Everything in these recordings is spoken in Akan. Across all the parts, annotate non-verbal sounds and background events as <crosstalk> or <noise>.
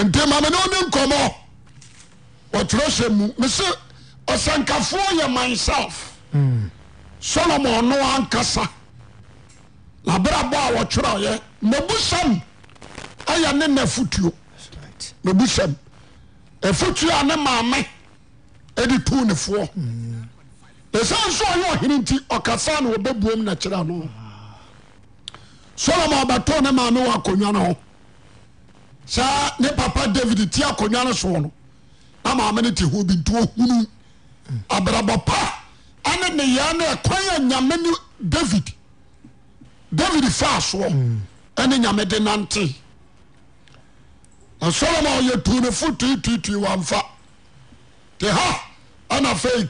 nti ma mene one nkɔmmɔ wɔtwerɛ hyɛ mu mese ɔsankafoɔ yɛ myself hmm. solomon no ankasa labrabɔ a wɔtwerɛyɛ nabusam ayɛ ne na fotuo nabusam afotuo a ne maame de tu nefoɔ hmm. ɛsiane nso ɔyɛ ɔhene nti ɔkasa na wɔbɛbuom nakyerɛ no ah. solomon ɔbɛtoo ne maame wɔ akonnwa no ho sa ne papa david tie akɔnwane soɔ no na maamɛne te hobi ntoo hunum abraba pa ane neyaa ne ɛkon yɛ nyame no david david faa soɔ ɛne nyamede nantee na soloma ɔyɛ tonofo toitite wmfa te ha ana fei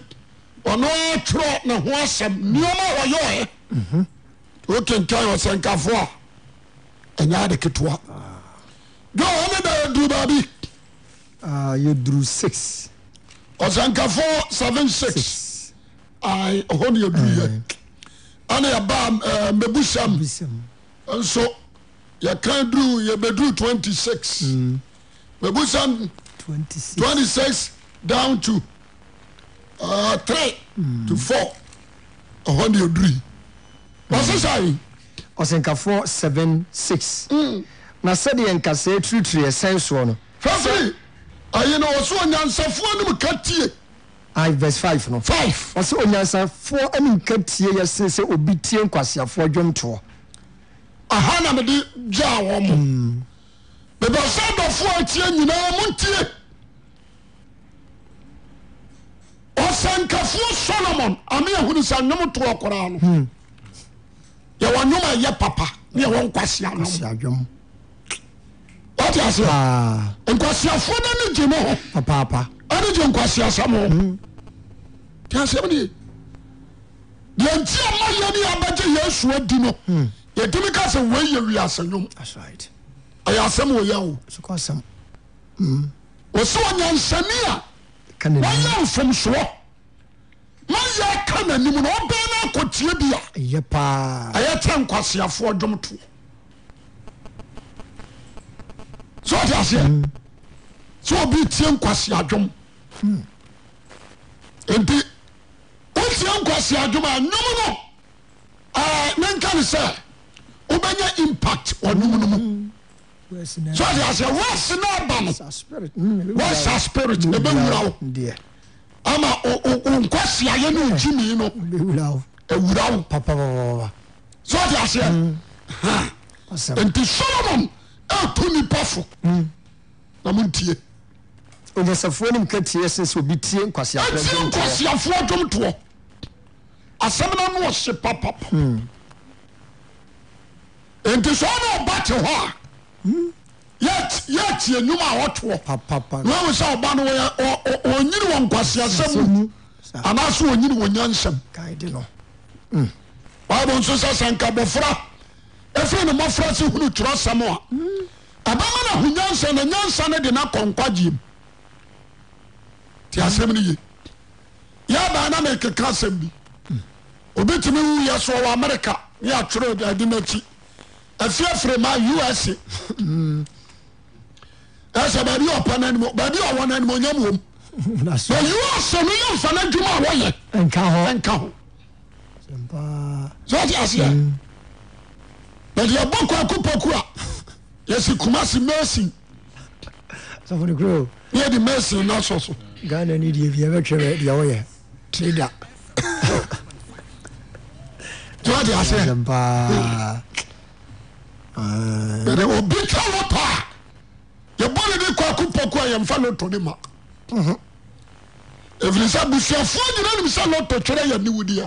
ɔnekworɛ ne ho asɛm nnuoma wɔyɛɛ t mhm. wokenkane ɔsɛnkafo a ɛnya adeketea du hone da yɛduru baabiyɛ6 ah, sɛnkafo 7 6ix hɔ neydyɛ ane yɛbaa eh, mmɛbusam nso yɛkradr yɛbɛduruu 2six ɛbsɛm 26x down to 3 ah, mm. to f ɔhɔ neydri bɔsesai skaf 76 na sɛdeɛ nkasɛɛ turitire ɛsɛn soɔ no 5sɛonyansafoɔ anom ka tie yɛse sɛ ɔbi tie nkwaseafoɔ dwomtoɔɛ wati ase nkwasiafo na ne gye ne ho papaapa ɛne gye nkwasiasɛm ho mhm. ti asɛm ne deɛ nti a ma yɛ ne abɛgye yesu adi no hmm. yɛtumi ka sɛ wei yɛ wiase nwom ɛyɛ asɛm wɔ yɛ wo hmm. wɔ sɛ ɔnyansani a wayɛ mfomsoɔ mayɛ ka n'anim na ɔbɛn no akɔtie bi a ɛyɛ kyɛ nkwasiafoɔ dwomtoɔ sɛ ɔde aseɛ sɛ obi tie nkwasi adwom hmm. nti wotie nkwasi adwom a nwom no eh, ne nka ne sɛ wobɛnya impact wɔ nwom no mu sɛ ɔde aseɛ wɔse no aba no wɔsa spirit ɛbɛwura hmm, hmm. wo ama nkwasiayɛ ne ogyimi no ɛwura wo sɛ ɔde aseɛ nti solomon ɛto nnipa fo hmm. na montie onyasafoɔ nim ka tie sɛ sɛ obi tie nkwasiafoɔ nkwasiafoɔ dwom toɔ asɛm no no ɔhye papapa hmm. nti sɛ ɔne ɔba te hɔ a hmm. yɛtie nnwuma a wɔtoɔ na wo sɛ ɔba no ɔnyini wɔ nkwasiasɛm mu anaasɛ ɔnyini wɔ nyansɛm bible nso sɛ sɛ nkabɔfra ɛfiri ne mmɔfra se hunu twerɛ sɛm a ɛbɛma no ho nyansa na nyansa no de no akɔ nkwagyeem nti asɛm no ye yɛbaa na mekeka asɛm bi obi tumi wu yɛ soɔ wɔ amerika ne yɛatwerɛ ade n'akyi afie firi ma usa ɛsɛ baabi ɔpɛ no anim baabi ɔwɔ no animonyam wom <laughs> na usa no yɛ mfa no adwuma a wɔyɛ nka ho sɛ wote aseɛ mm bẹẹni ẹ bọ kọ akopoku a yẹsi kumasi mẹsin. sọfúnni kúrò. ní yẹ di mẹsin náà sọ so. ghana ni diẹ bi ẹ bẹ twẹ bẹ diẹ wọ yẹ trader. tí wọ́n di ase. bẹẹni obi tí a wọ pa yẹ bọ ni ní kọ akopoku a yẹ nfa lọtọ ni ma. efirisẹ busuafo nyina ni sẹ lọtọ twẹrẹ yẹ niwu di yẹ.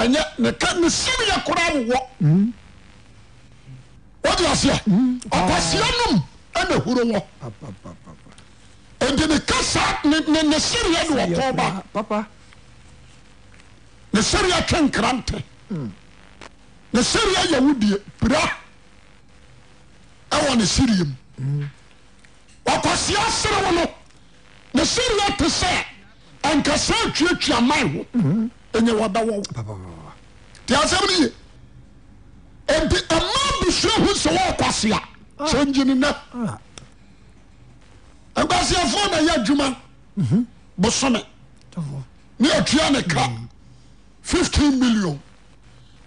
ɛyɛne seriɛ korawowɔ woteaseɛ kwasea nom ɛnahuro wɔ nti nek ne sereɛ dewɔtɔba ne sereɛ twe nkra nte ne sereɛ yɛwodee pra ɛwɔne sereɛ m ɔkwasea sere wono ne sereɛ te sɛ ɛnkasaa twiatwiama ho ɛnyɛ waba wɔn tí a sɛm ah. ni yɛ ebi ɛmaa busua hu sɛ wɔn kwasi a sɛ n gyini nɛ nkwasiafo na yɛ ah. adwuma mhm. bosome ne atua ne ka mm. fifteen million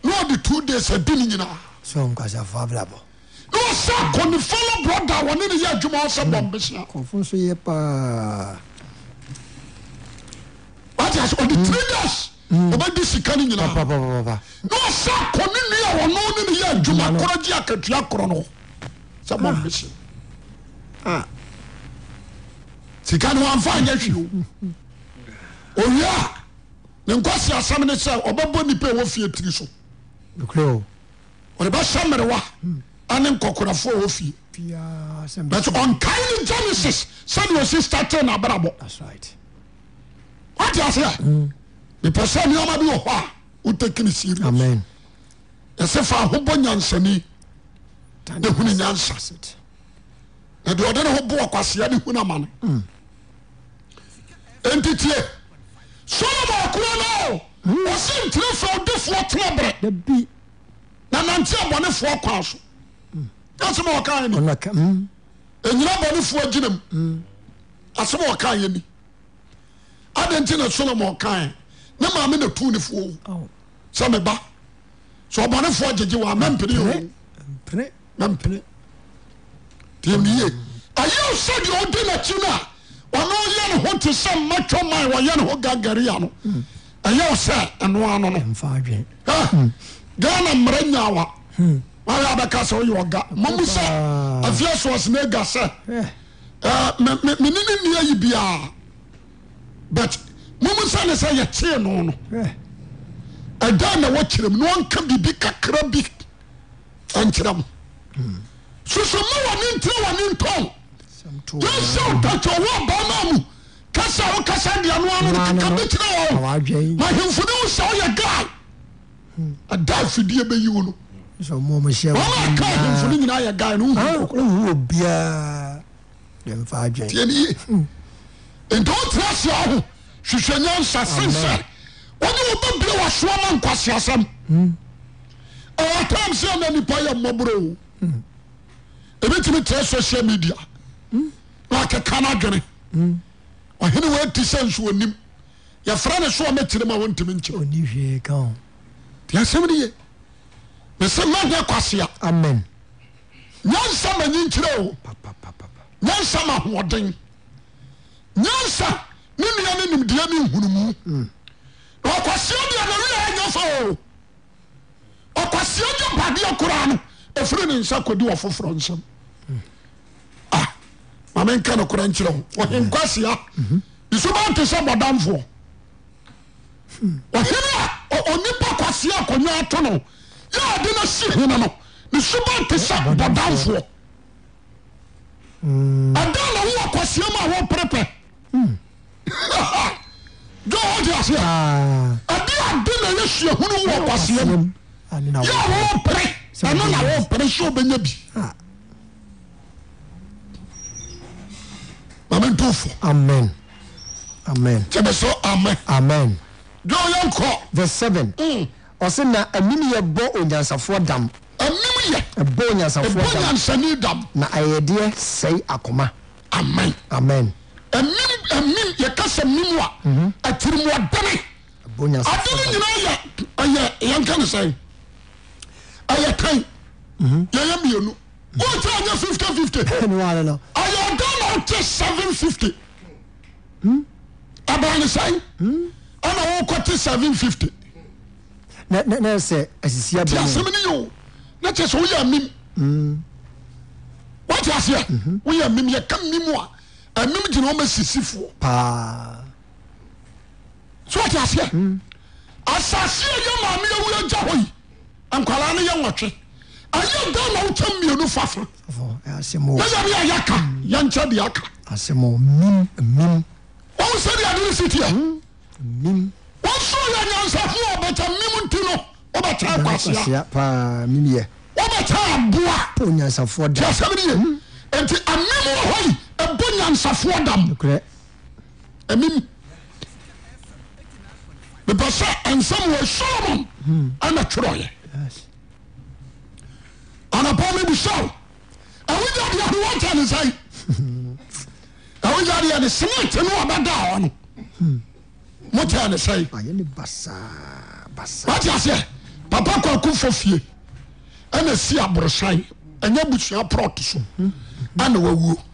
ne ɔde two days ɛdi ne nyinaa. sɛ nkwasiafo abilabɔ. ne ɔsɛ akɔnifɔlɔ broda wɔne ne yɛ adwuma ɔsɛ bɔn besia. kɔnfɔn so yɛ paa. wati ase ɔde three days. Mm. obɛdi sika no nyinaa na ɔsɛ akɔne nua wɔno ne ne yɛ adwuma korɔ gye akatua korɔ no sɛ mɔmmɛhyɛ ah. ah. sika no wamfa anyɛ hwee o owie ne nkwasi asɛm ne sɛ ɔbɛbɔ nipa ɛwɔ fie tiri so ɔde bɛhyɛ mmerewa hmm. ane nkɔkorafoɔ ɛwɔ fie but ɔnkae ne genesis sɛdeɛ ɔsi startee n'abrabɔ wate aseɛ epɔ sɛnneɔma de wɔ hɔ a wotakini siere ɛse fa ho bɔ nyansani nehuninyansa nadeɛ ɔde ne ho boakasea ne huna mane hmm. entitie solomon korano hmm. ɔsentire so ɔde foɔ teɛ berɛ na nantea bɔne foɔ kwa so sm hmm. kaɛni ɛyina bɔnefoɔ ginem asemɛ ɔkayɛni adɛntina solomon kae memamenato ne foɔo oh. sɛ meba sɛ ɔbɔnefoɔ gyegyewaamapenepee ɛya sɛ deɛ wɔbinaki no a ɔneɔyɛne ho te sɛ ma twɔmae ɔyɛne ho ga garia no hmm. ɛyɛw sɛ ɛnoa nono hmm. ghana mmara nyawa aɛ hmm. bɛka sɛ woyɛ ɔga mamu sɛ afia soasenaaga sɛmeneno eh. nua ayibiaa mom sane sɛ yɛ tee no no ada nawokyerɛmu na nka bibi kakra bi ankyerɛm sosoma neniraneɛ abnmu aoasadeɛihmfnoswyɛ a da fiiaɛi nmf yaɛntiorɛsɛ seswɛ yansa sens yeoba bra wasoa ma nkwasia sɛm tim sɛno nipa yɛ mabor bɛtumi tɛ social media kekandwee hewati sensoni yɛfrɛne sowamatirmwkyasɛye mesemaho kwasea yansa ma yikyirɛ o asa mahodenansa aun mm. ɔkwasiɛ deanarenya sɛ ɔkwasia yɛ padeɛ kora no ɛfrine nsa kodi wɔ foforɔ nsɛm mamenka mm. ah, no kora nkyirɛ ho mm. henkwasia mm-hmm. nsobate sɛ bɔdamfoɔ ene ɔnimpa kaseɛkaaton yɛdeno si heneno nesobɛte sɛ bɔdamfoɔ adanwo ksiama wɔprɛpɛ jọwọ di ase a adi adi na yẹ si ehunu wọ kwasiẹ mu yẹ awọ pẹrẹ ẹnu na awọ pẹrẹ si o bẹ nye bi ah. maame n t'o fọ amen amen jẹbẹ sọ amen amen jọwọ yẹ nkọ verse seven ọsẹ mm. na ẹnum yẹ bọ onyansafoɔ dam ẹnum yẹ ẹbọ onyansafoɔ dam na ayẹyẹdeɛ sɛɛ akoma amen amen. amen. mm yɛka mhm. mhm. <laughs> hmm? hmm? sɛ mim wa atirimadenagenayyankanesi aya ta yayabeyen tay 550 ayanc 7 50 abalesai anawokot sev 50ysemniye ncsɛwoya mim watasia ya mm yɛka mmwa aina omasisif ot asɛ hmm. asasea yamam aw ya hɔyi nkalan yɛwate ye damawokya mmienu fafryeeayak yanky dak sedidresit osooya nyasafo a ntin ɛtaksa ta ɛn ponyansafoɔ dam mi bebɛ sɛ ansam wa soomn ana tworɛyɛ anapambuso wadeɛntne sai wadeɛne smetenoabadano motene sɛiatasɛ papa koakufo fie ɛna si aborosae ɛnyɛ busua porotoso anawawo hmm.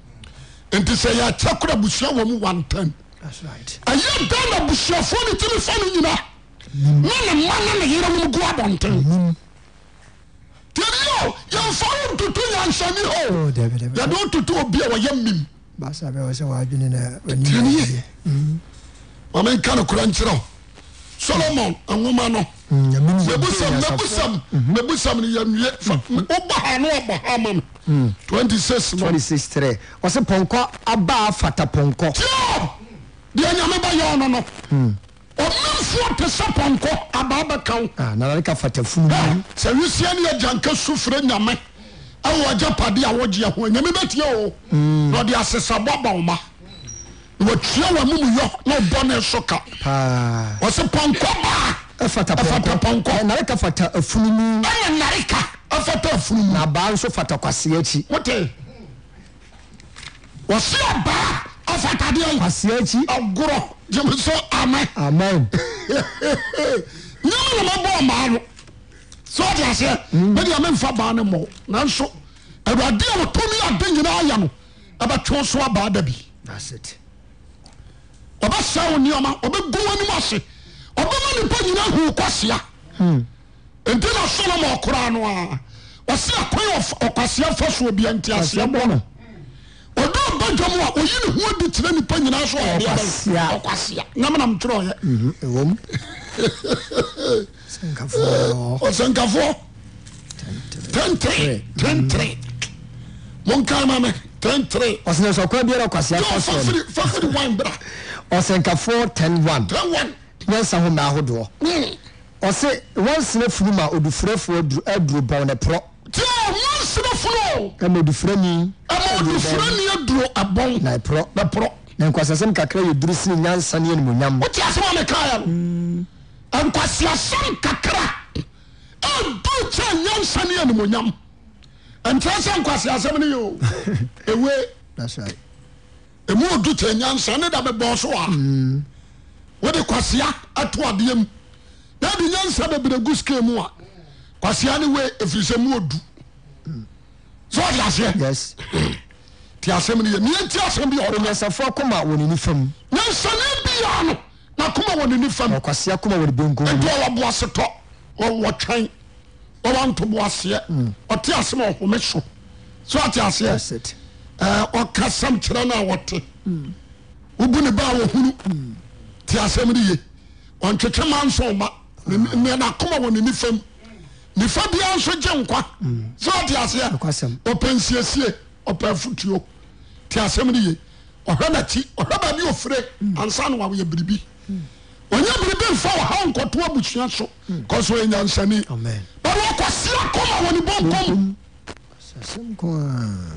nti sɛ yɛakyerɛ kora abusua wɔ mu wantam ɛyɛ da na abusuafoɔ ne timi fa no nyina na ne ma ne ne yere nom gu abɔnten tibio yɛmfa wo ntoto yɛnhyɛne ho oh, yɛde wototo obi a wɔyɛ mim tinie mamenka no kora nkyerɛ solomon nwoma no mabusam mabusam mabusam no yɛnwie wobɔ ha ne wabɔ ha ma me twenty six no twenty six three ɔsi pɔnkɔ aba afata pɔnkɔ. tiɛ deɛ nyame bɛ yɛ ɔno no hmm. ɔmanfoɔ te sɛ pɔnkɔ abaa bɛka wo ah, nanade ka fata funu sɛ wisie ne yɛgyanka sufrɛ nyame ɛwɔ agya pade a wɔgyea ho nyame bɛtie o hmm. na ɔde asesabɔ ba wo ma na watua w'amomuyɔ na ɔbɔ ne so ka ɔse pɔnkɔ baa ɛfata pɔnkɔ nareka fata afunumu ɛna nareka ɛfata afunumu na baa nso fata kwaseɛ akyi wote wɔsi ɔbaa afatadeɛ kwaseɛ akyi agorɔ jẹmi sọ amen. amen. nyɛnmu ma bɔ ɔmaa no sọ de aseɛ bɛdi mm. a nfa baa ne mɔ nanso awurade a wɔtɔmi ade nyinaa ayɛ no ɛbɛtwe so abaa dabi. ɔbɛ wo nneɛma ɔbɛ wɔn anim ase ɔbɛma nipa nyina huu kwasea nti na solomon hmm. koraa no a ɔse akwan ɔkwasea fa soɔ bia nti aseɛ bɔ no ɔde ɔbadwa mu a ɔyi ne ho adi kyerɛ nipa nyina so ɔdeɛ ɔkwasea namenam twerɛɔyɛ mhm, <laughs> ɔsɛnkafoɔ tentere tentere monkae ma me tentere ɔsɛnɛ sɛ ɔkwa biara ɔkwasea fa soɔ no fafiri wan bra ɔsɛnkafoɔ 10 1 10 1 yɛnsa ho mmaa ahodoɔ ɔse wɔnsene funu ma odufurafoɔ aduro bɔn ne porɔ tí o wọn sinmi funu. ɛmɛ odufurani. ɛmɛ odufurani aduro abɔn. na ɛporɔ. E na ɛporɔ. na nkwasiasɛm kakra yɛ duru si nyansa ne ɛnumonyam. o ti asɛm a mi ka yɛ no. nkwasiasɛm kakra ɛdu kyɛ nyansa ne ɛnumonyam nkyɛn sɛ nkwasiasɛm ni yɛ o <laughs> ewe. emu odu kyɛ nyansa ne da bɛ bɔ so wa. Mm. wode kwasea toadeɛ m nabunyansɛ babrɛgu ske mu a kwasea ne we firsɛmuɔd sɛ eɛsnasana bia no nakma nen faose wanoseɛ tesosɛsɛ kasa kyerɛ nwɔt mm. wobune bawɔun ti asɛm no ye ɔntwetwe ma nso ma nanakoma wɔ ne nifam nifa biaa nso gye nkwa sɛ ɔte aseɛ ɔpɛ nsiesie ɔpɛ afotuo ti asɛm no ye ɔhwɛ n'akyi ɔhwɛ baabi ofire ansa na wɔyɛ biribi ɔnyɛ biribi nfa ɔha nkɔto abusua so mm. kɔsɔ ɛnyansani bɛrɛ ɔkɔsi akoma wɔ ne bɔnkɔm.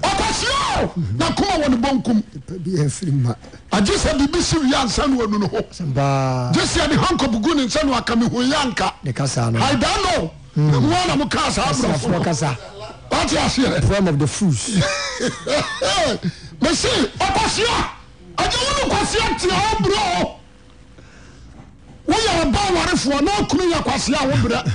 ɔpɛsio na koma wɔ ne bɔnkum agye sɛ biribi si wie ansa no wanu no ho gye sɛ ne hankɔp gu ne nsa no aka mehoyɛ anka idano moa hmm. na mo kaa saa borɔfo wate aseɛ <laughs> mese ɔpɛsio agye wo no kwasea tea wo berɛ o woyɛ ɔba warefoɔ na ɔkunu yɛ kwasea wo berɛ <laughs>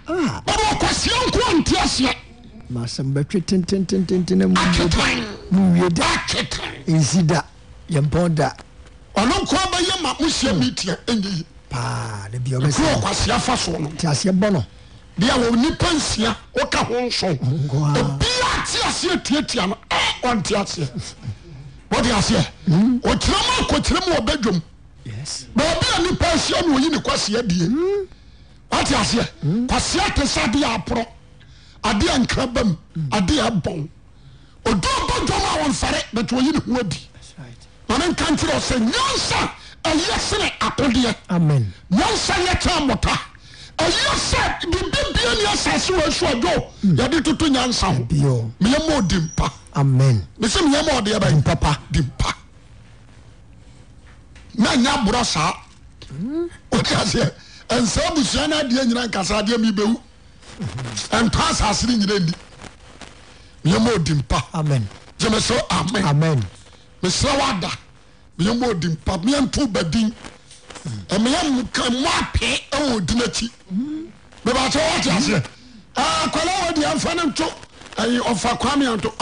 bàbá ọkọ̀síà nkú àǹtí ọ̀síà. màá sàn bẹ́twi tentententen na mu wie da nsi da yɛmpɔn da. ɔno nkɔ bɛyɛ ma mo hyia mi tiɛ ɛnyɛ yi. paa ne bi ɔbɛ sɛ. nkú ọkọ̀síà fa so no. ti aseɛ bɔ no. bí a wọ nípa nsia ó ka ho nsọ. obi a ti aseɛ tiatia no ɛ ɔnti aseɛ. wọ́n ti aseɛ. ɔkyerɛ mu akɔkyerɛ mu ɔbɛ dwom. baabi a nípa ahyia no oyi ne kwasiɛ die. ataseɛ kseɛ te sɛ adeɛ aporɔ adeɛ nk bamu adea bɔn ɔdiɔbɔdwɔnɔ awɔmfare batɔyine ho adi ɔne nka nkyerɛ sɛ yansa ayɛ sene akodeɛ yansa yɛkea mɔta asɛ dbe biane asase waasuawo hmm. yɛde toto nyansa ho meɛmɔdipaes eɛmdɛbpna ya borɔ saasɛ nsɛ busua ne adi yira nkasa deɛ mibewu nto asasere yira di meemo odimpa amen te meser ameamen mesere wo ada meema odipa miɛnto badin mo ape aodina ti bebt wateasɛ kalewo difane nto ɔfa koa mianto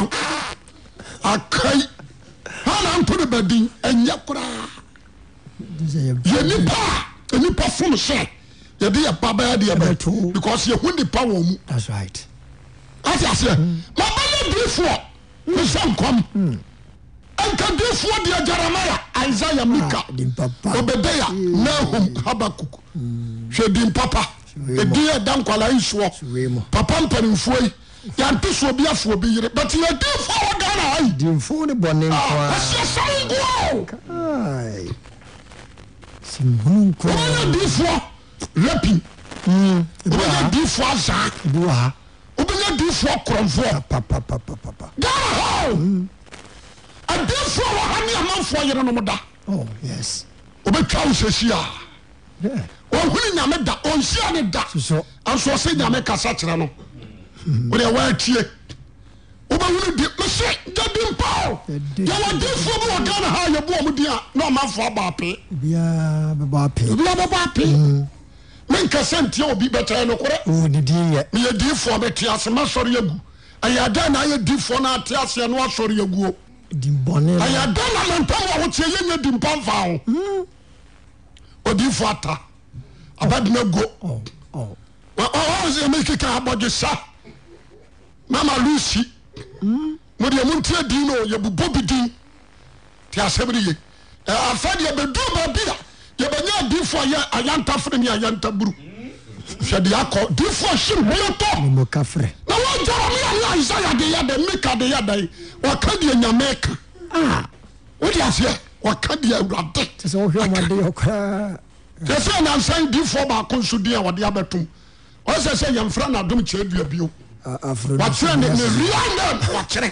akai anantone badin anye koraa yenipa a nipa fomeso yɛde yɛ ba bɛyɛ deɛ bɛ because yɛhu nipa wɔ mu ate aseɛ mm. mabɛyɛ difoɔ mesɛ mm. nkɔm ɛnkadifoɔ mm. deɛ jeremia Isaiah ah, mika obedeya nahum habakuk hwɛ din papa ɛdin ɛda nkwala nsoɔ papa mpanimfoɔ yi yàtò sọ bí afọ bí yẹrẹ bàtì yẹ dín fún ọ gánà ayi. dín fún ni bọ̀ ní nkọ́ a. ọ̀sẹ̀ sanwó-nkọ́. sinwó-nkọ́. wọ́n yẹ dín fún ọ. rapin wobɛyɛ difoɔ azaa wobɛyɛ difoɔ korɔmfoɔ ghana hɔ adifoɔ wɔ ha ne amanfoɔ yere nom da wobɛtwa oh, wo sɛsi a ɔhunu nyame da ɔnhyia ne da anso ɔsɛ hmm. nyame kasa kyerɛ no hmm. wode waatie wobɛhunu di mese dadi mpa yɛwɔ difoɔ bi wɔ ghana ha yɛboɔ mu din a na ɔmanfoɔ abaapee bia bɛbɔ apee mekesenti obi betnokreye dif etasema sreag any fntasnsɔreagnmamt ey dimponfao di hmm. fo ata abadina gokbogesa ma lo si md hmm. montie din nybubo bidin tasbreyebd babia yɛbɛnya adiifoɔ yɛ ayanta fere ne ayanta buru hwɛ de akɔ diifoɔ hyere moyɛtɔ kafrɛ na wɔgyara me a ne isaia de yɛ dɛ mika de yɛ dɛ wɔka deɛ nyame ka wode aseɛ wɔka deɛ awurade sɛ wohwɛ ɔmade ɔkoraa yɛ sɛ nansan diifoɔ baako nso din a wɔde abɛtom ɔsɛ sɛ yɛmfrɛ no adom kyerɛ dua bio wakyerɛ ne real name wakyerɛ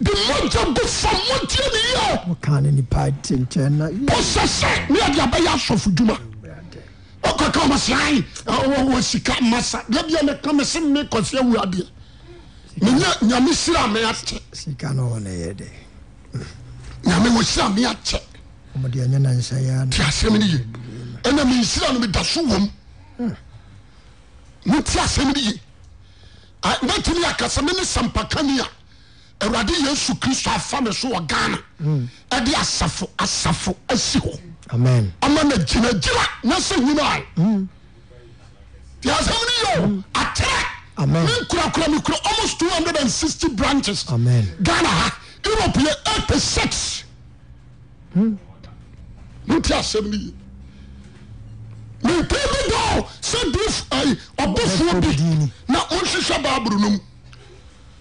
bemoja go fa motie neyeosese meyade beye asofo juma okakamessika masa bimekameseme kose wade mene yame sire me akere me akyeasem reye ene mesira no meda so wo hmm. me teasem reye metimiykasa ah, meme sampa kamia awurade yesu kristo afa me so wɔ ghana ɛde asafoasafo asi hɔ ɔmanagyinagyira nasɛ wina n mm. asɛm no yɛ mm. atra mekurakura mekura almos 260 branches ghana ha europeyɛ ap six onti mm. asɛm no yi pɛ sɛ d ɔofoɔ bi na ɔhwehwɛ babrno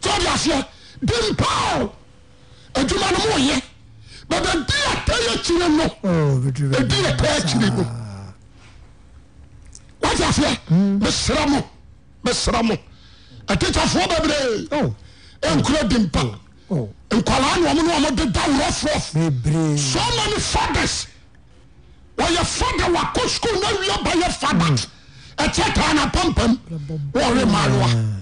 soja fie dimpa adjuma nomoye butdietaye kirimya kirim jaf eretafo bkrodinpa kl nmndedawrfro somany fades oye fadewakosconaie baye fadat etetana pampam oremala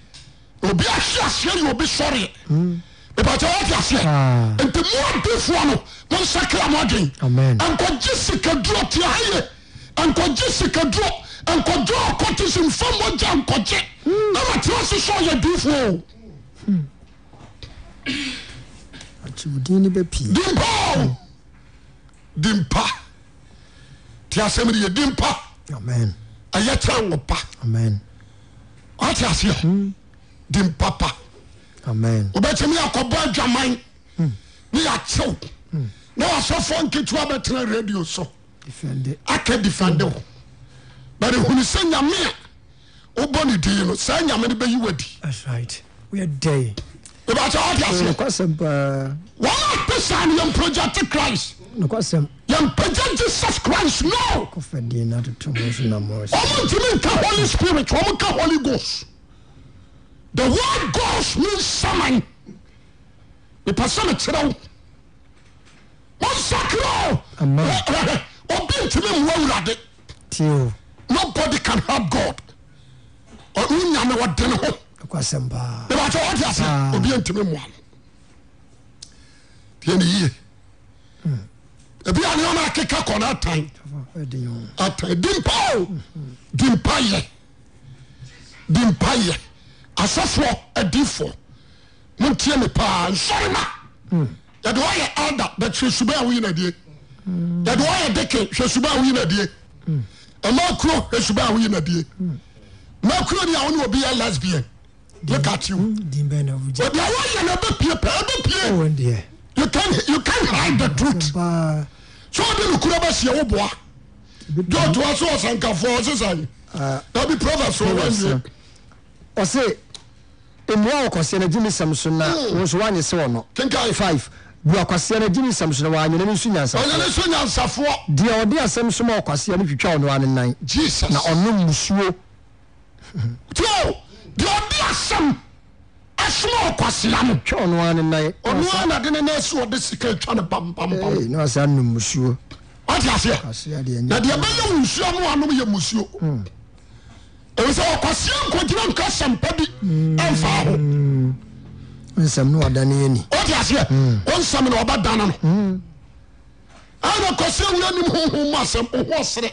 obi ahye aseɛ yɛ obi sɔre ìbàjẹ́ hmm. wọ́n ti aseɛ ah. nti mu adiifoɔ no wọ́n nsakira mu adwene nkɔgye sikaduro ti ayɛ nkɔgye sikaduro nkɔgye ɔkɔte si nfa mogya nkɔgye hmm. ɛna tí wọ́n sisɔ yɛ diifoɔ o. Hmm. dimpa o dimpa tí a sẹ́mi yɛ dimpa ɛyɛ kyerɛ wɔ pa wọ́n ti aseɛ. wobɛkimi yɛkɔbɔ adwaman ne yɛkyew ne wasɔfo nketiwa abɛtera radio so aka defendi ho but hunu sɛ nyame a wobɔ ne di no saa nyame no bɛyi wadiobɛy dease ɔ apesa n yɛmprogyate chris yɛmpagya jesus christ noɔmontumi nka holy spirit ɔmka holy ghos he word gos men saman me pa same terao monsakr obintimi moawurade nobody kan harp god ɔyamewodene hoebatadase ob ntimi mal pianye ebianeynkeka kɔne a dimpa dpy dimpay asɔfoɔ adifoɔ montie me paa nsɔre na yɛde wɔyɛ elda but hwɛ suba a woyina die yɛde wɔyɛ deke hwɛ suba a woyina die ɛma kuro hwɛ suba a woyina die ma kuro ni a wɔne obi yɛ lesbian look at you ɔde mm, a wɔyɛ no ɛbɛpie pɛ ɛbɛpie you can you can hide the truth so ɔde no kuro bɛsie wo boa dɔɔtoa so ɔsankafoɔ ɔsesan ah. dabi proverbs wɔ wɔn wie ɔse mmea wɔ kwasiɛ no gyimi sɛm so na mm. wo nso woanyɛ se wɔ no kenkae five bua kwasiɛ no gyimi sɛm so na waanyɛ no no nso ɔnyɛ ne nyansa so nyansafoɔ deɛ ɔde asɛm so ma wɔ kwasiɛ no twitwa ɔno ane nan jesus na ɔno musuo tio deɛ ɔde asɛm asoma ɔkwasea no twa ɔno ane nan ɔno ana de ne na asi ɔde sika atwa no pampampam na ɔsɛ anom musuo ɔte aseɛ na deɛ bɛyɛ wo nsuo no anom yɛ musuo hmm. sɛ kɔseɛ nkɔgyira nka sɛm pa bi mfaho ɛsɛm n ɔdanɛn ode aseɛ ɔsɛm ne ɔbɛdan no anɛ ksɛɛ wanim omasɛooser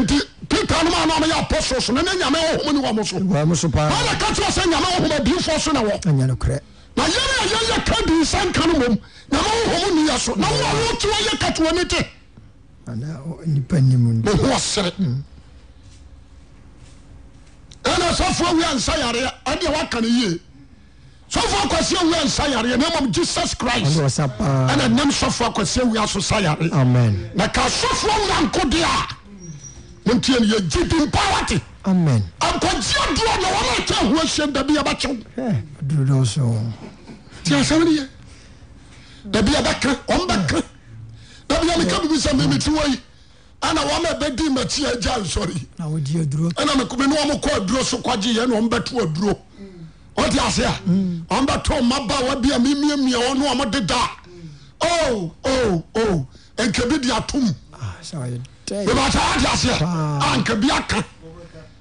nt pita nmnyɛapostl son nenyame hnsaesɛ nyamhob snwn yɛreyɛyɛ ka bi nsankano mmo name ɔhom nyɛ so n kwyɛ katean tohosere ɛna sɔfoɔ wi ansa yareɛ ɛdeɛ waka no yie sɔfoɔ akwaseɛ wi ansa yareɛ na mmom jesus christ ɛna nam sɔfoɔ akwaseɛ wi aso sa yareɛ na ka sɔfoɔ nyankode a montie no yɛgye di mpa wate ankɔgye na wɔn de ho ahyia da yɛbɛkyew nti asɛm ne yɛ da yɛbɛka ɔm bɛka yɛmeka bibi sɛ yi ana wɔn a bɛdi mɛkyi agya e nsɔre na wɔdi aduro ɛna mɛkumi ni wɔn kɔ aduro so kɔgye yɛn na wɔn bɛto aduro ɔdi ase a mm. wɔn bɛto mmabaawa bi a mimiamia wɔn na wɔn deda o o o nkebi di atum bɛbɛ ata ɔdi ase a ah. nkebi aka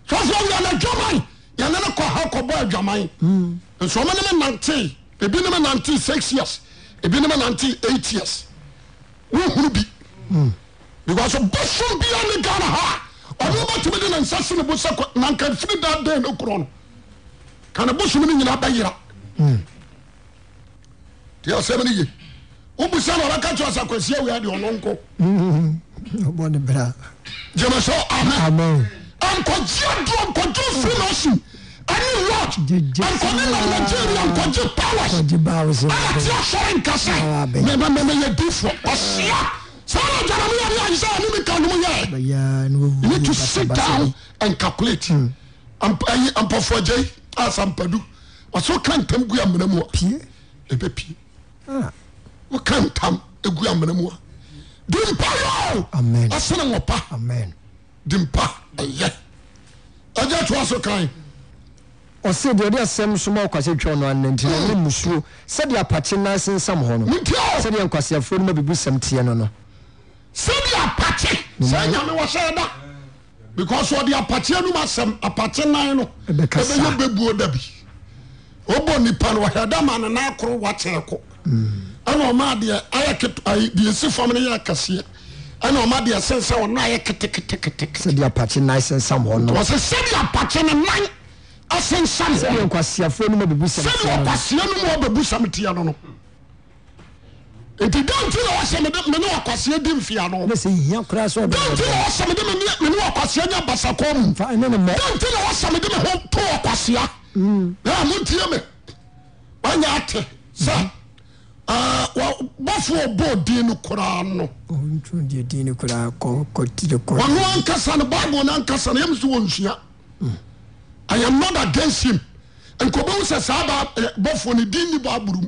sɔsɔ wia na dwaman yɛn ne kɔ ha kɔ bɔ adwaman mm. nsɔmɔ ne mi nante ebi ne mi nante six years ebi ne mi nante eight years wɔn huru bi. Mm. sboson bia ne ganha onebatume dene nsesenebo efiri daenekr kan bosom ne yena beyerasemineye ousen ka sekasedennemesonki d nkoje frens anee p sore nkaseye sáwọn ọ̀dọ́rọ̀ mi yà ni àyíṣẹ́ àmú mi kà lómo yẹ you need to sit down and calculate hmm. ẹyin mpọfọjẹ asampadu wàsó kàntàm gu àmìnà mu a ebe pie ah. wọ́n kàntàm egu àmìnà mu a dimpa yóò ọ̀sẹ̀nà wọ̀ pa dimpa ẹ̀yẹ ẹ̀jẹ̀ tó a so kàn yín. ɔse deɛ ɔde asɛm so ma ɔkwasɛ twa ɔno ananti na ɔne musuo sɛdeɛ apakye nanse nsam hɔ no sɛdeɛ nkwaseafoɔ no ma bibu sɛm teɛ no no sɛdeɛ apake sɛ nyame wɔhyɛ ɛda because ɔde apakye anom asɛm apake nan no ɛbɛyɛ bɛbuo da bi ɔbɔ nipa no ɔhɛ da ma ne na korowakyɛɛk mm. ɛnmadɛɛdeɛsi fam no yɛ kaseɛ ɛnmade sensanyɛ ksɛ sɛdeɛ apakye no nan asɛnsamsɛdewɔkwasea nom ɔbɛbu sam tiɛ no no ntidatnmene kwasea demfianoenekwasea nya basakononsmede me okwasea montie me anya ate sa bɔfoɔ bɔɔ dinne kora noano ankasa no babone ankasano amuso wo nsua ayamnoda mm. gansem nkɔbɛhu sɛ saa ba eh, bɔfoɔ no dinni ba aburom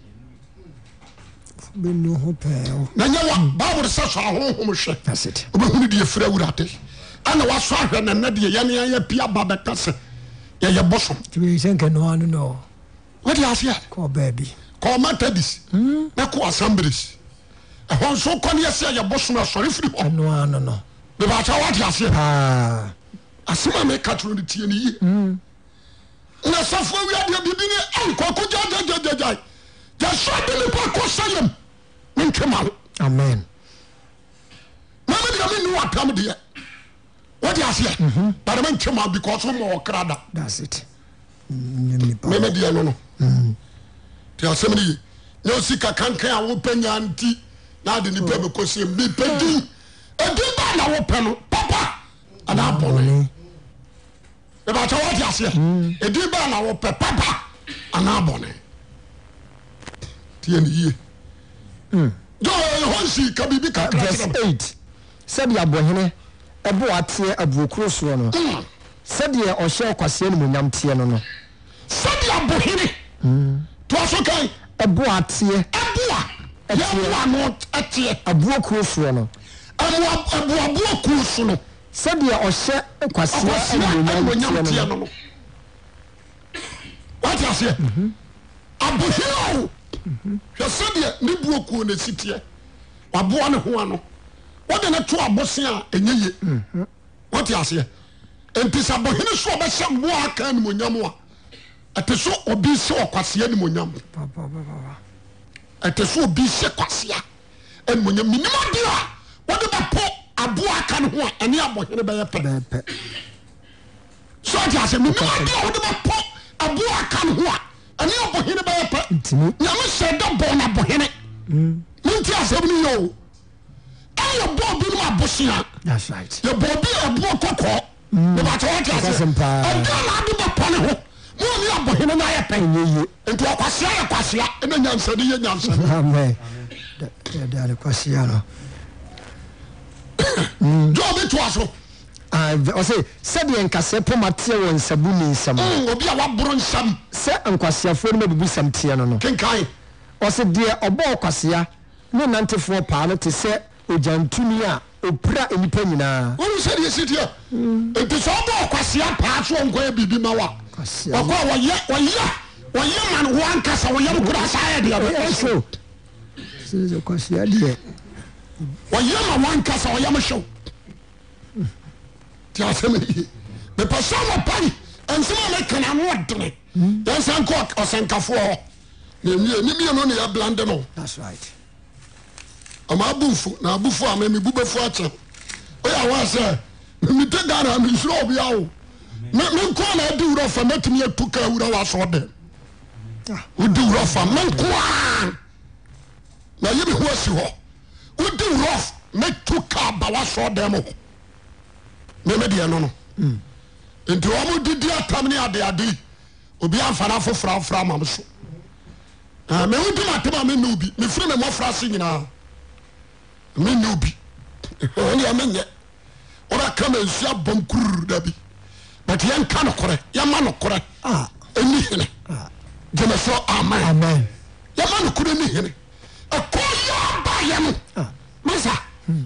e u f oaadassed ka ti mentwemamamen mamedia mene wa tamu de wode asee mhm. bare me ntwema because oma wo kra da meme de nono te asemi ne ye yasi kakanke awo pa nya nti na ade nipa oh. bekosiem mepadin adin banawo peno papa anabonee ebata wode asee edin mm. ba nawo pe papa anabone tieniye yɛhɔ nsi ka biribi kakra sɛdeɛ abɔhene ɛbɔ ateɛ abuokuro soɔ no hmm. sɛdeɛ ɔhyɛ kwaseɛ nomonyam teɛ no no sɛdeɛ abɔhene hmm. toa so kan ɛbɔ ateɛ ɛboa yɛboa no ɛteɛ abuokuro soɔ no ɛboaboa kuro so no sɛdeɛ ɔhyɛ kwaseɛ nomonyam teɛ no no wate aseɛ mhm. abɔhene o hwɛ sɛdeɛ ne buo kuo ne siteɛ wboa ne ho a no wodene two abosen a ɛnyɛ ye wote aseɛ nti sɛ bɔhene soɔbɛhɛ boa ka nimoyam a ɛte so obi sɛ wkwasea animonyam ɛte so obi sɛ kwasea animyam menimade a wode bɛp aboa ka nh ɛnebene bɛyɛ pɛɛpɛ ɛtseɛ nep aboakanho ɛne ɔbɔhene bɛyɛ pɛ nyame sɛ da bɔɔ no abɔhene menti mm. asɛm no yɛ ɛyɛ bɔɔ bi nom abosea yɛbɔɔ bi ɛboɔ kɔkɔɔ nebɛkyɛwɔteasɛ mm. ɛda naade bɛpɔne ho moɔne abɔhene no ayɛ pɛ nti ɔkwasea yɛ kwasea ɛna nyansɛde yɛ nyansɛde jɔ bɛtoa so Ah, ɔsɛ sɛdeɛ nkaseɛ poma teɛ wɔ nsabu ne nsɛm mm, obi a waboro nsɛm sɛ nkwaseafoɔ no mabubu sɛm teɛ no no kenkan ɔsɛ deɛ ɔbɔɔ kwasea ne nantefoɔ paa no te sɛ ogyantumi a opira nipa nyinaa wọn sẹ de esi nti sọ ọbọ ọkwasiya paaso nkọ yẹ bibi ma wa ọkọ wọyẹ wọyẹ wọyẹ man wọn ankasa wọyẹ mu kura sáyẹ diẹ bẹ ẹ so ọkwasiya diẹ wọyẹ man ankasa wọyẹ hyew. sme epa sao pa sim me kenam dene ansankosenkafuo nemiem neye blandem ma bufo nbfmebbef te ywse medegad mseroobao mnkoandewfatimitokawsde ewf mnko yeme hosiho odewr metoka bawsdem memedeɛ nono nti omo didi atamene adeadei obi amfane afofrafra mamo so mewedimatema menne obi mefiri memo fra se yinaa menne obi eneyɛ meyɛ obɛkrame nsu abom kuroudabi but yɛnka nkor yɛma nokore ah. nihene ah. yemeso amen yɛma nokoro nihene ako yabayɛ no ah. mesa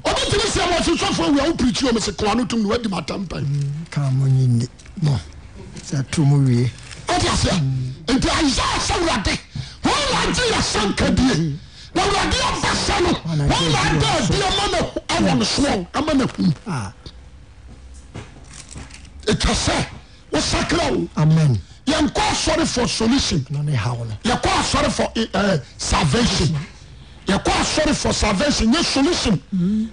ọba tí mi sẹ wọn sọ sọfọ wíwá ó pìrìtì ọmọ sẹ kọ́ ọ́nù tó mi wá di ma tán pa. ká mo yin ni mọ sẹ tó mo wie. ó ti àṣẹ nti àyíṣẹ́ àṣẹ wọn wà á jí yà sàn kàdíyẹ na wúradẹ yà bá sànù wọn wà á dẹ ẹbí ọmọ náà ẹwọ ní ọmọ náà kú. Ah. ètò ẹsẹ wọ́n sakira amen. yẹn kọ́ asọ́rẹ́ for solution. yẹn kọ́ asọ́rẹ́ for eh, eh, salvation. yɛko asore for servention ye solution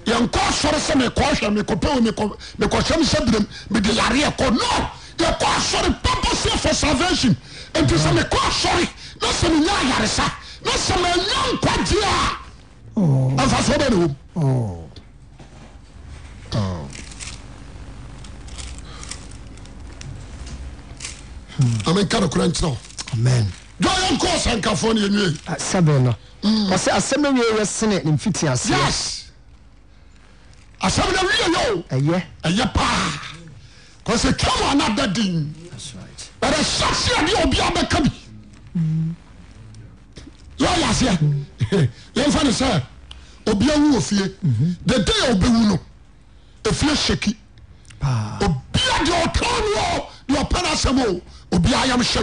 yɛnko asɔre sɛ mikɔhwɛ mikpeemiksɛmesa bram mide yareyɛkɔ no yɛkɔ asɔre popose for servention nti sɛ mekɔ asɔre oh. ne seme nya yaresa ne sɛme yankwa dia asasobanokakrt skafsa n ah, mm. ɔsɛ asɛm aw yɛ sene ne mfiti as asɛmn wɛɛɛɛyɛ pa twa anr din bu ɛsedeɛ ɔiabɛka bi yɛseɛɛmfno sɛ iawo fe teda ɔbɛw n ɛfie syɛkioia deɔraneɔn sɛm yamhɛno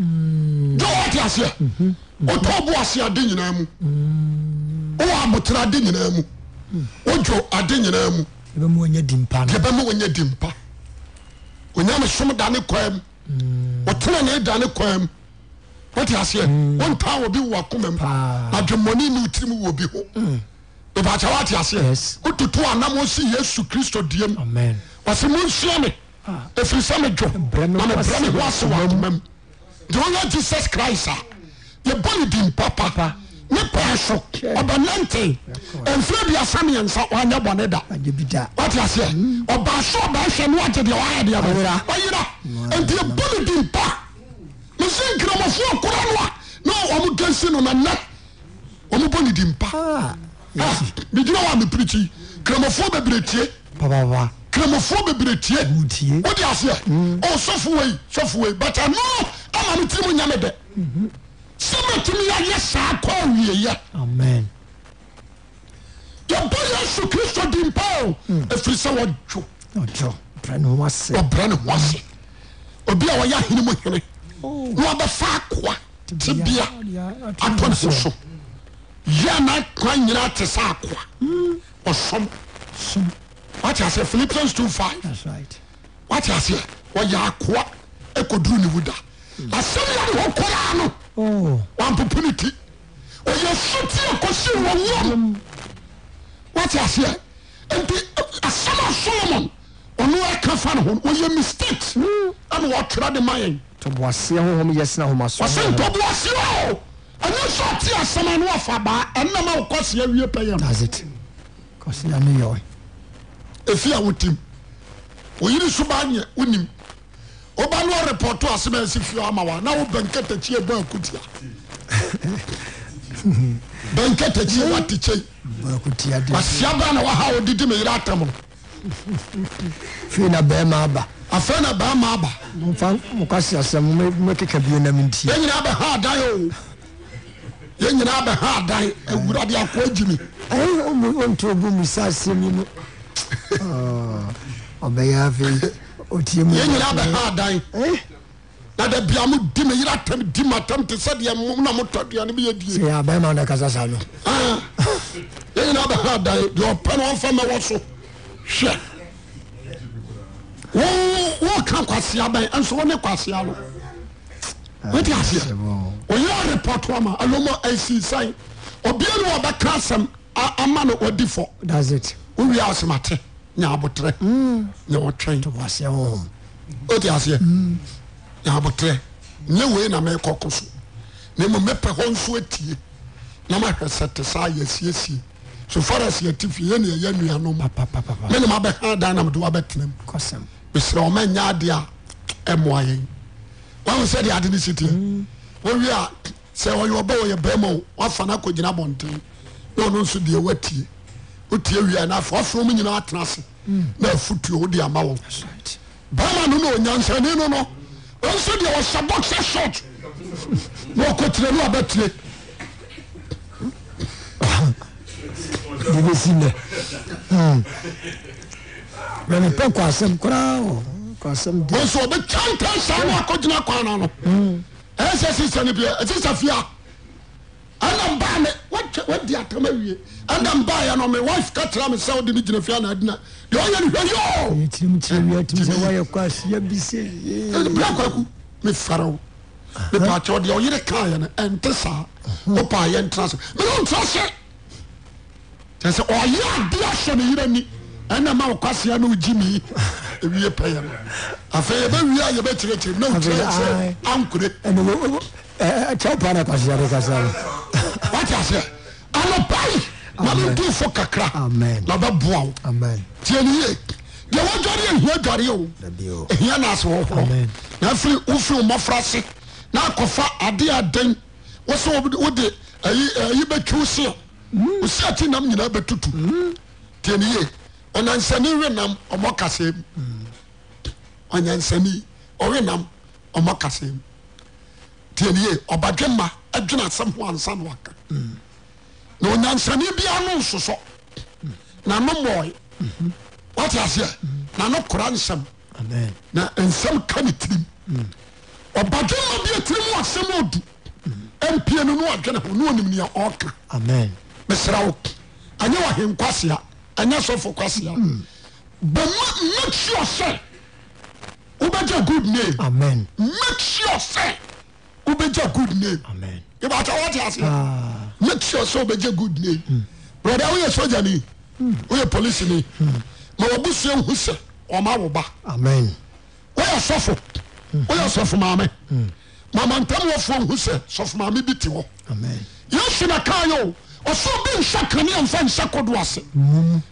jọwọ ti aseɛ ɔtɔ bu ase ade nyinaa mu ɔwɔ abotire ade nyinaa mu ɔdwo ade nyinaa mu ebe mu onye di mpa no ebe mu onye di mpa onyame som da ne kwan mu mm. ɔtena ne da ne kwan mu wɔte aseɛ wɔntaa mm. wɔ bi wɔ akoma mu adwemmɔne ne wotiri mu wɔ bi ho ìbàjẹ́ wa ti aseɛ wotutu anam osi yesu kristo die ah. mu wɔsi mu nsúlẹ̀ mi efirisẹ́ mi jọ na mi brẹ́ mi wá sí wà akoma mu deɛ ɔyɛ jesus christ a yɛbɔ ne din papa ne pɛɛ so ɔbɛ nante mfiri bi asa mmiɛnsa wanyɛ bɔne da you say? ɔba so ɔba hwɛ ne wagye deɛ wayɛ deɛ no ɔyera nti yɛbɔ ne din pa mesɛ nkiramɔfoɔ kora no a na ɔmo dansi no na nnɛ ɔmo bɔ ne din pa megyina wɔ a mepirikyi kramofoɔ bebree tie kramofoɔ bebree tie wode aseɛ ɔsɔfo wei sɔfo wei but ɛno mtiimu nyame dɛ sɛmatumi yayɛ saa akoa owieyɛ yɛbɔ yesu kristo dimpal ɛfiri sɛ wɔwo brɛ ne ho ase obi a wɔyɛ ahenemee oh. na ɔbɛfa akoa tebia aneso so yɛ na kwa nyina te sɛ akoa ɔsomhilipians 25wateaseɛ yɛ akoa kɔduru ne wuda asɛm yɛde oh. hɔ koraa no wampopo ne ti ɔyɛ sote akɔsi wɔ wom wate aseɛ nti asɛm a solomon ɔno ɛka fa ne ho no ɔyɛ mistakes ɛne hmm. wɔtwerɛ de ma yɛn tɔboaseɛ hohom yɛsena homa so ɔsɛ ntɔboaseɛ o ɛnyɛ sɛ ɔte asɛm a ne wɔfa baa ɛnam a wokɔseɛ wie pɛ yɛm kɔsea meyɛ ɛfi a wotim oyiri so baa nyɛ wonim woba ne ɔrepɔto asɛm asi fie ama wa na wo bɛnkɛtakyie bɔ akutia <laughs> wa watekyei asia bra na waha wodidi me yerɛ atam no fei na bɛɛma aba afei na bɛɛma aba mfa mokwase asɛm mɛkeka bio nam nti yɛnyinaa bɛha adan o yɛnyinaa bɛha adan awurade akoa gyimi ɔntobu mu sa asɛm yi no <laughs> ɔbɛyɛ afei yeyina bɛhadan eh? na dabiam dimyer tam dimatamte sɛdmnmdanyeynabɛa eɔpɛn famwo so wɛ woka kasiaban nwone kasalwɛ ah, oyerepoti ma alm s sa obiane wobɛka asɛm amano wadifo oasmate nya abotrɛ mm. mm. na wɔtwɛn ɔte aseɛ nya abotrɛ nyɛ wei na mɛkɔ ko so na mmom mɛpɛ hɔ nso atie na mahwɛ sɛ te saa yɛsiesie so far as yɛti fi yɛ ne yɛyɛ nuanom mene mabɛka dan na mede wabɛtena mu mesrɛ ɔma nyɛ ade a ɛmmoa yɛn wahu sɛ deɛ ade no siteɛ mm. wɔwie a sɛ ɔyɛ ɔbɛ wɔyɛ bɛrima o wafa no akɔgyina bɔnten na ɔno nso deɛ watie wotie wie na afoafoɔ mu nyinaa atena ase mm. na afotuo wode ama wɔn bɛrima no na onyansane no no ɔnso deɛ ɔhyɛ boxer short <laughs> na ɔkɔtire no abɛtire <coughs> bibɛsi nɛ mamepɛ hmm. kɔ asɛm koraa wɔ kɔasɛm di nso ɔbɛtwa nta saa na akɔgyina kwan no no hmm. ɛsɛ sisa no bia ɛsɛ safia ɛna mbaa me wadi atam awie ebae ie katramesɛem inafinn yenheea eesɛmeyeni ak nametofo kakra na bɛboa wo tianiye deɛ wodwareɛ hia dwareɛ o hia naase wɔhorɔ na afiri wofiri wommɔfra se na akɔfa ade aden wo sɛ wode ayi bɛtwiw seɛ mhm. wosiati nam nyinaa bɛtutu mhm. tianiye ɔnyansani wenam ɔmɔ kasɛm mhm. ɔnyansani ɔwenam ɔmɔ kasɛm tianiye ɔbadwe ma adwena asɛm ho ansa no waka naɔnansaneɛ bia no sosɔ na memɔe waateaseɛ na ne kora nsɛm na nsɛm ka ne tirim ɔbadwama bia tirim wasɛm odu mpie nu n adwene ho ne ɔnim nea ɔka mɛsrɛ wo anyɛ whe kwasea anyɛ sfo kwasea hmm. basuo sɛ woɛgyagoodna masuo sɛ wobɛgya good nam w wte aseɛ ah. mɛtɔsɛ obɛgye good na berɛda a woyɛ sojane woyɛ policeno mawabosua hu sɛ ɔma oba woyɛ sfowoyɛ sɔfo maam mamantamfoɔhu sɛ sɔfo maame bi tehɔ yɛso naka ɔsɛbe nhyɛ kanea mfa nsyɛkodoase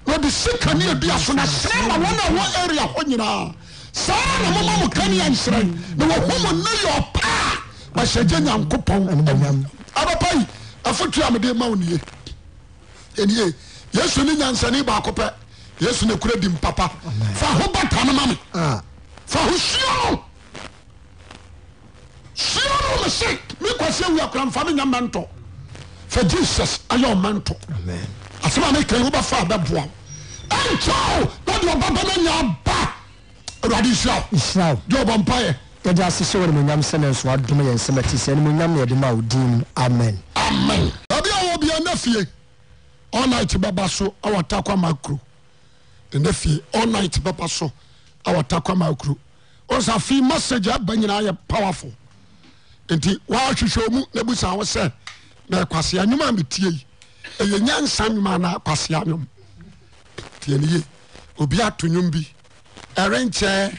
nabise kanea biasonamanw area hɔ nyinaa saanamoma m kaneanserɛ ne hom neyɛ ɔpaa bahyɛgye nyankopɔni efo tamede maone enie yesu ne nyansaneb ako pe yesu ne koro dim papa faho batanemame fahosuo suoromese mekase wakrafa menyamento fe jesus ayaomento asme mekewobɛfabeboam nkao medeobapa menya aba awade sira yopae yɛde ahyehyɛ wɔ nimonyam sɛ ne nso adom yɛn nsɛm ati sɛ nimonyam na yɛde ma wo din amen amen baabi a wɔ bia nna fie all night bɛba so awɔ takwa ma kuro nna fie all night bɛba so awɔ takwa ma kuro ɔsa fi message aba nyinaa yɛ powerful nti wahwehwɛ mu na busa wo sɛ na kwasea nnwom a metie yi ɛyɛ nyansa nnwom anaa kwasea nnwom tiɛ ne ye obi ato nnwom bi ɛrenkyɛɛ